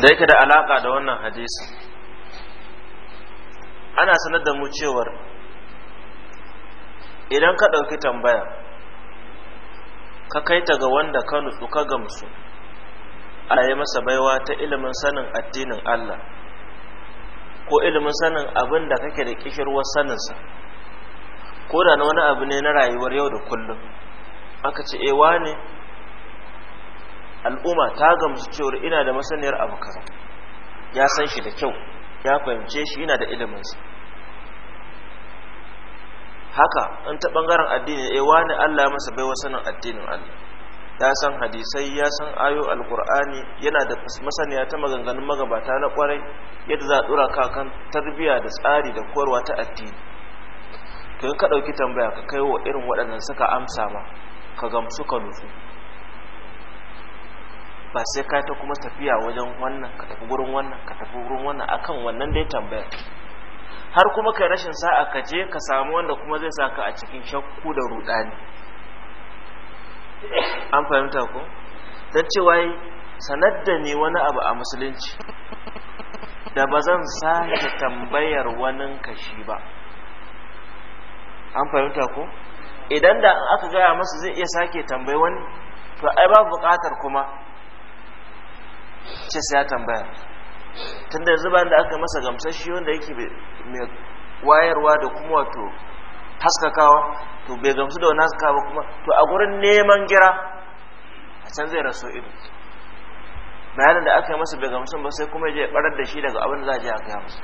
da yake da alaka da wannan hadisi ana sanar da mu cewar idan ka ɗauki tambaya ka kai ta ga wanda ka nutsu ka gamsu a yi masa baiwa ta ilimin sanin addinin Allah ko ilimin sanin abin da kake da kishirwar saninsa ko da wani abu ne na rayuwar yau da kullum aka ce ewa eh, ne al'umma ta gamsu cewar ina da masaniyar abu kaza ya san shi da kyau ya fahimce shi yana da iliminsa haka in ta bangaren addini eh wani Allah masa bai wa sanin addinin Allah ya san hadisai ya san ayo alqur'ani yana da masaniya ta maganganun magabata na kwarai yadda za a dura ka kan tarbiya da tsari da koyarwa ta addini to in ka ɗauki tambaya ka kai wa irin waɗannan suka amsa ma ka gamsu ka nutsu ba sai ka ta kuma tafiya wajen wannan ka tafi gurin wannan ka tafi gurin wannan akan wannan dai tambaya har kuma kai rashin sa'a ka je ka samu wanda kuma zai saka a cikin shakku da rudani an fahimta ko dan cewa sanar da ne wani abu a musulunci da ba zan sake tambayar wani kashi ba an fahimta ko idan da aka gaya masa zai iya sake tambayi wani to ai babu buƙatar kuma ce sai ya tambaya tunda yanzu bayan da aka masa gamsashi wanda yake mai wayarwa da kuma wato haskakawa to bai gamsu da wani haskawa kuma to a gurin neman gira a can zai raso ido bayanin da aka yi masa bai gamsu ba sai kuma ya je barar da shi daga abin da za a je a kai masa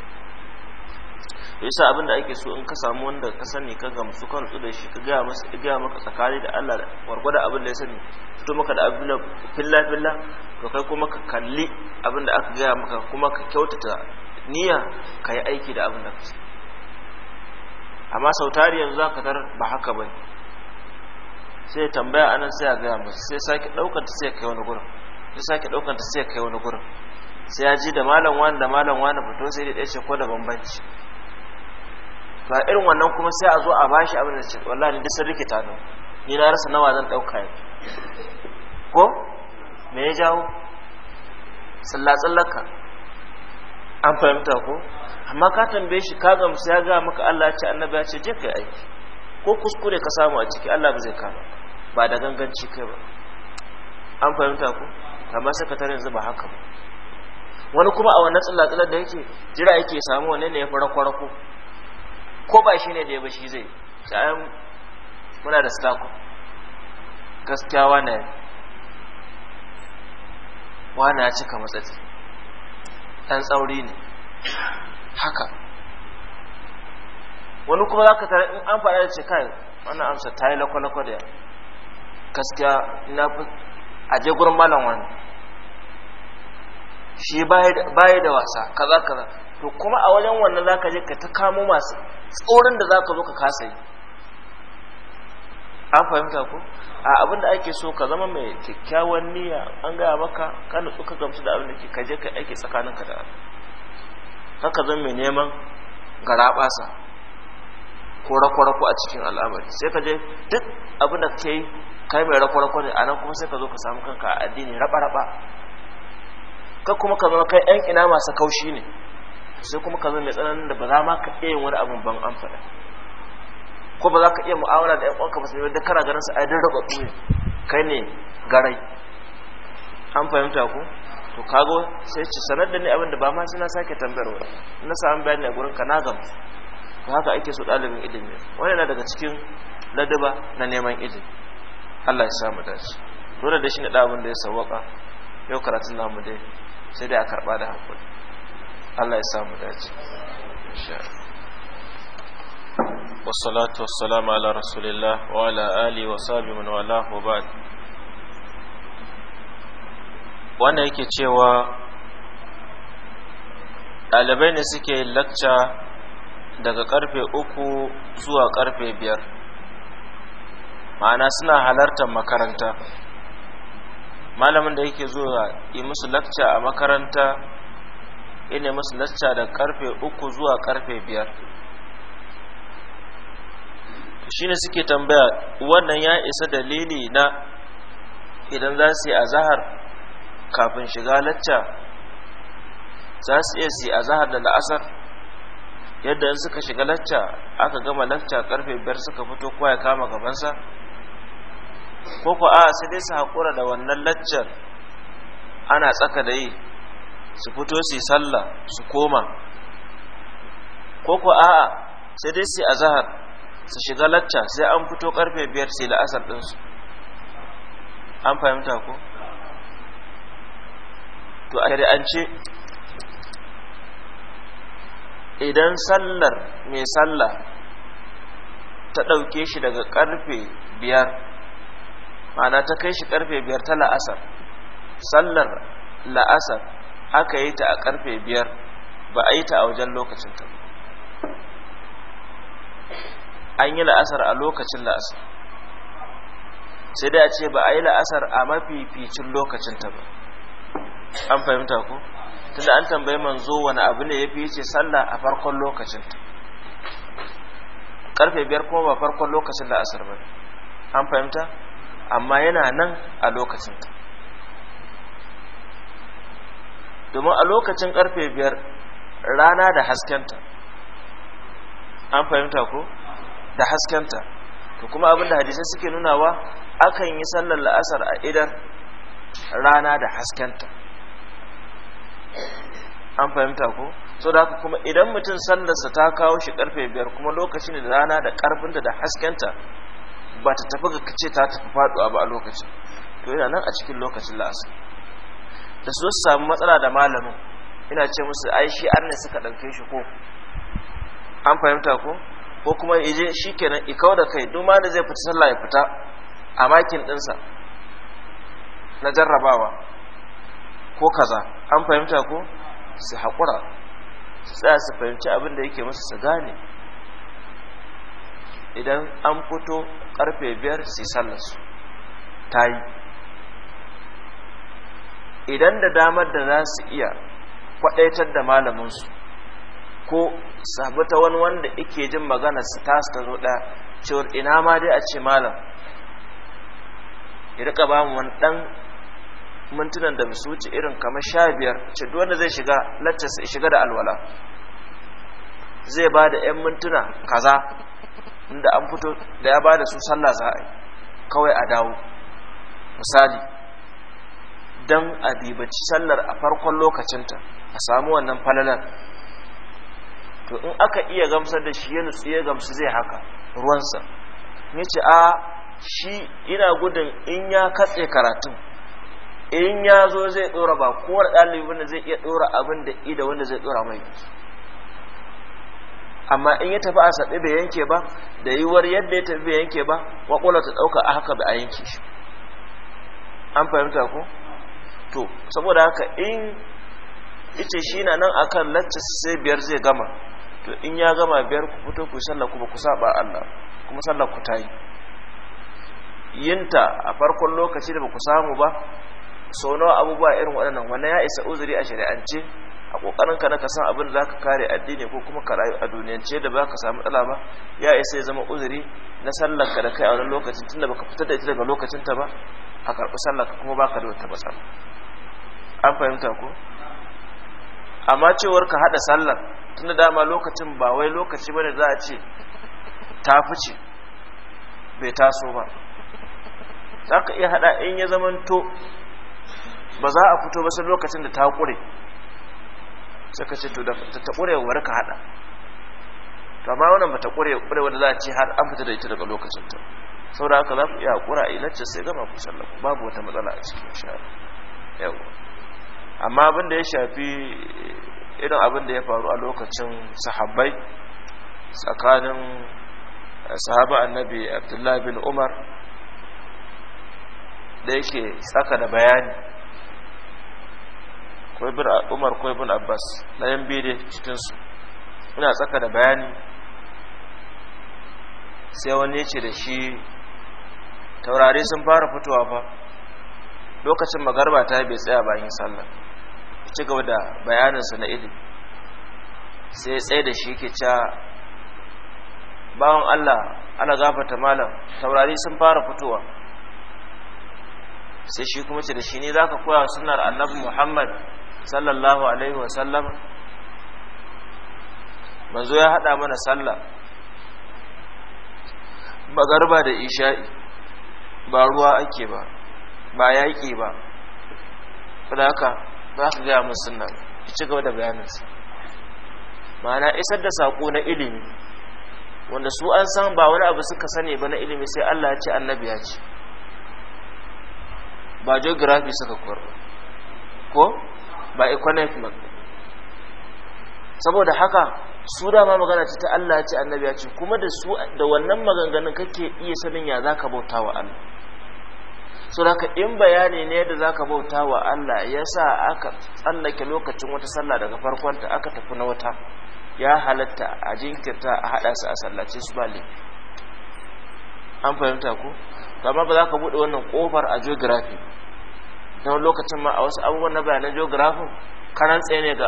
yasa abin da ake so in ka samu wanda ka sani ka gamsu kan su da shi ka gaya masa gaya maka tsakani da Allah da abin da ya sani fito maka da abin filla filla to kai kuma ka kalli abin da aka gaya maka kuma ka kyautata niyya ka yi aiki da abin da ka sani amma sau tari yanzu za ka ba haka ba sai tambaya anan sai a gaya masa sai sake ɗaukanta sai kai wani gurin sai sake ta sai kai wani gurin sai ya ji da malam wani da malam wani fito sai da ɗaya ce ko da bambanci to a irin wannan kuma sai a zo a bashi abin da ce wallahi duk sun rikita nan ni na rasa nawa zan dauka yanzu ko me ya jawo tsallatsallarka an fahimta ko amma ka tambaye shi ka gamsu ya ga maka Allah ya ce annabi ya ce je kai aiki ko kuskure ka samu a ciki Allah ba zai kama ba da ganganci kai ba an fahimta ko amma sakataren yanzu ba haka ba wani kuma a wannan tsallatsallar da yake jira yake samu wanne ne ya fi rako-rako ko ba shi ne da ya bashi shi zai sa'an muna da stako gaskiya wane wane ya cika matsatsi ɗan tsauri ne haka wani kuma za ka tare in an faɗa da ce kai wannan amsa ta yi lakwalakwa da gaskiya na fi aje gurin malon wani shi bayi da wasa kaza kaza to kuma a wajen wannan ka je ka ta kamo masu tsoron da za ka zo ka kasa yi an fahimta ko a abinda ake so ka zama mai kyakkyawan niyya an gaya maka ka nutsu ka gamsu da abin da ke ka je ka aiki ka da ka zan mai neman garaɓasa ko rakwarako a cikin al'amari sai ka je duk abin da ka yi kai mai rakwarako ne a nan kuma sai ka zo ka samu kanka a addini raba-raba ka kuma ka zama kai 'yan ina masu kaushi ne sai kuma ka zo mai tsananin da ba za ma ka iya yin wani abin ban an faɗa ko ba za ka iya mu'awara da 'yan uwanka ba su da kana ganin su a yadda raba ne kai ne garai an fahimta ku to kago sai ci sanar da ni abin da ba ma sai na sake tambayarwa na samu bayani a gurin ka na gamsu to haka ake so ɗalibin ilimi wani yana daga cikin ladaba na neman ilimi Allah ya samu dace dole da shi ne ɗabin da ya sauwaka yau karatun namu dai sai dai a karɓa da hankali Allah ya samu dace wasalatu wassalamu ala rasulillah wa ala ali wa sabi man wala wa ba'd wannan yake cewa ɗalibai ne suke yin lakca daga karfe uku zuwa karfe biyar ma'ana suna halartar makaranta malamin da yake zuwa yi musu lakca a makaranta ina musu lacca da karfe uku zuwa karfe biyar shine suke tambaya wannan ya isa dalili na idan za su yi azahar kafin shiga lacca za su iya su yi azahar da la'asar yadda in suka shiga lacca aka gama lacca karfe biyar suka fito kowa ya kama gabansa ko ku a sai dai su haƙura da wannan laccar ana tsaka da yi su fito su yi sallah su koma ko ku a'a sai dai su azhar su shiga lacca sai an fito karfe biyar sai la'asar ɗinsu an fahimta ko to a ce idan sallar mai sallah ta ɗauke shi daga karfe biyar ma'ana ta kai shi karfe biyar ta la'asar sallar la'asar aka yi ta a karfe biyar ba a yi ta a wajen lokacin ta an yi la'asar a lokacin la'asar sai dai a ce ba a yi la'asar a mafificin lokacin ta ba an fahimta ko tunda an tambayi manzo wani abu ne ya fi ce sallah a farkon lokacin ta karfe biyar kuma ba farkon lokacin la'asar ba an fahimta amma yana nan a lokacin ta domin a lokacin karfe biyar rana da haskenta an fahimta ko da haskenta to kuma abinda hadisai suke nunawa akan yi sallar la'asar a idan rana da haskenta an fahimta ko so da kuma idan mutum sallarsa ta kawo shi karfe biyar kuma lokacin da rana da karfinta da haskenta ba ta tafi ga kace ta tafi faduwa ba a lokacin to yana nan a cikin lokacin la'asar da su samu matsala da malamin ina ce musu ai shi an ne suka ɗauke shi ko an fahimta ko ko kuma ije shi kenan ikau da kai duma da zai fita sallah ya fita a makin ɗinsa na jarrabawa ko kaza an fahimta ko su haƙura su tsaya su fahimci abin da yake masa su gane idan an fito karfe biyar su yi su ta yi idan da damar da za su iya kwadaitar da malaminsu ko sabu ta wani wanda ike jin magana su ta su zo ɗaya cewar ina ma dai a ce malam ya rika ba mu wani ɗan mintunan da su wuce irin kamar sha biyar ce wanda zai shiga ya shiga da alwala zai ba da 'yan mintuna kaza inda an fito da ya ba da su sallah za a yi kawai a dawo misali Idan a sallar a farkon lokacinta a samu wannan falalar to in aka iya gamsar da shi ya nutsu ya gamsu zai haka ruwansa ya ce a shi ina gudun in ya katse karatun in ya zo zai ɗora ba kowar ɗalibi wanda zai iya ɗora abin da ida wanda zai ɗora mai amma in ya tafi a saɓe bai yanke ba da yiwuwar yadda ya tafi bai yanke ba kwakwalwa ta ɗauka a haka ba a yanke shi an fahimta ko to saboda haka in ice shi na nan akan lacce sai biyar zai gama to in ya gama biyar ku fito ku sallah ku ba ku saba Allah kuma sallah ku tayi yinta a farkon lokaci da ba ku samu ba sau nawa abubuwa irin waɗannan wannan ya isa uzuri a shari'ance a kokarin ka na ka san abin da ka kare addini ko kuma ka rayu a duniyance da baka samu tsala ba ya isa ya zama uzuri na sallar ka da kai a wani lokacin tunda baka fitar da ita daga lokacin ta ba a karɓi sallar ka kuma baka da wata matsala an fahimta ko amma cewar ka hada sallar tunda dama lokacin ba wai lokaci bane za a ce ta fice bai taso ba za ka iya hada in ya zamanto ba za a fito ba sai lokacin da ta kure suka ce to da ta kure war ka hada to amma wannan ta kure kure wanda za a ce har an fita da ita daga lokacin ta saboda haka za ku iya haƙura a ilacce sai gama ku babu wata matsala a cikin shari'a. yawa amma abin da ya shafi irin abin da ya faru a lokacin sahabbai tsakanin eh, sahaba annabi abdullahi bin umar da yake tsaka da bayani kwaibin umar kwaibin abbas na biyu bide cikinsu ina tsaka da bayani sai wani ce da shi taurari sun fara fitowa ba lokacin magarba ta bai tsaya bayan sallah ci gaba da bayaninsa na ilimi sai tsaye da shi ke ca bawan Allah ana gafata malam taurari sun fara fitowa sai shi kuma ce da shi ne za ka koya sunar annabi muhammad sallallahu alaihi wasallam manzo ya haɗa mana sallah ba garba da isha'i ba ruwa ake ba ba yaƙi ba haka Za ka gaya mu sunan, ki ci gaba da bayaninsa ma'ana isar da saƙo na ilimi wanda su an san ba wani abu suka sani ba na ilimi sai Allah ya ce annabi ya ce ba geography suka koyar ko ba economic saboda haka su dama magana ta Allah ya ce annabi ya ce kuma da su da wannan maganganun kake iya sanin ya zaka bauta wa Allah so da in bayani ne da zaka bauta wa Allah ya sa aka tsallake lokacin wata sallah daga farkonta aka tafi na wata ya halatta a jinkirta a haɗa su a sallace su ba le. an fahimta ko amma ba za ka buɗe wannan ƙofar a geography don lokacin ma a wasu abubuwan na bayanan geography karan tsaye ne ga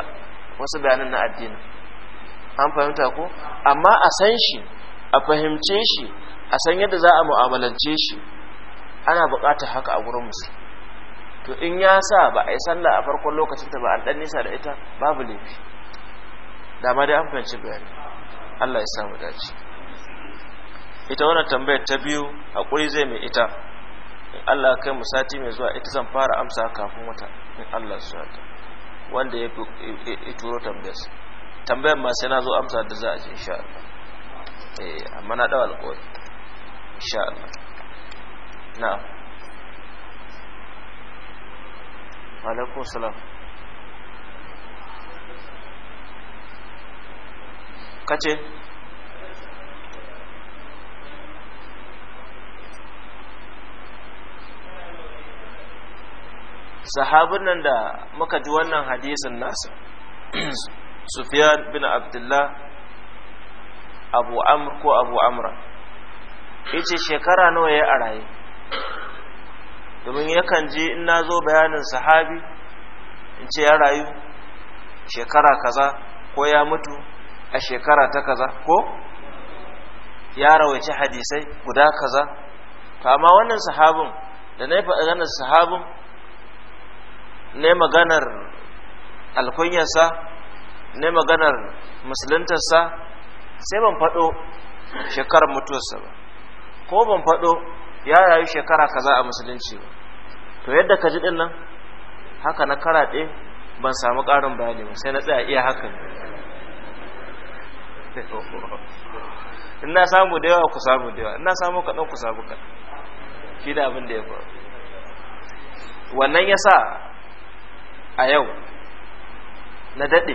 wasu bayanan na addini an fahimta ko amma a san shi a fahimce shi a san yadda za a mu'amalance shi ana buƙatar haka a gurin musu to in ya sa ba a yi sallah a farkon lokacin ta ba a dan nisa da ita babu laifi dama dai an fahimci bayani Allah ya samu dace ita wannan tambayar ta biyu hakuri zai mai ita in Allah kai mu sati mai zuwa ita zan fara amsa kafin wata in Allah ya haka wanda ya turo tambayar tambayar ma sai na zo amsa da za a ji insha Allah eh amma na dawo alƙawari insha Allah na'am salam kace sahabin nan da muka ji wannan hadisin nasa sufyan bin abdullah abu amr ko abu amra yace shekara nawa ya a raye domin yakan je in na zo bayanin sahabi in ce ya rayu shekara kaza ko ya mutu a shekara ta kaza ko ya rawaice hadisai guda kaza to amma wannan sahabin da na yi maganar sahabin Ne maganar alkunyarsa ne maganar musuluntarsa sai ban faɗo shekarar mutuwarsa ba ko ban faɗo ya rayu shekara kaza a musulunci ba to yadda ka ji din nan haka na karaɗe ban samu ƙarin bayani ba sai na tsaya iya haka ina samu da yawa ku samu da yawa ina samu kaɗan ku samu kaɗan shi da abin da ya faru wannan ya sa a yau na daɗe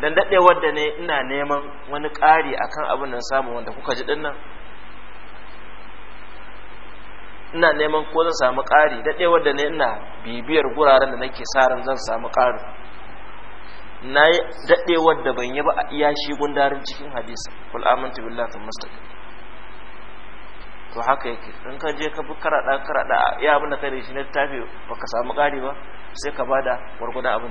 dan daɗe wadda ne ina neman wani ƙari akan abin nan samu wanda kuka ji dinnan. nan ina neman ko zan samu ƙari daɗe wadda ne ina bibiyar guraren da nake tsarin zan samu ƙari na yi daɗe wadda ban yi ba a iya shi gundarin cikin hadisa kul amintu billahi tun mustaqim to haka yake in ka je ka bi karaɗa karaɗa ya abin da kai da shi na littafi ka samu ƙari ba sai ka ba da gwargwadon abin da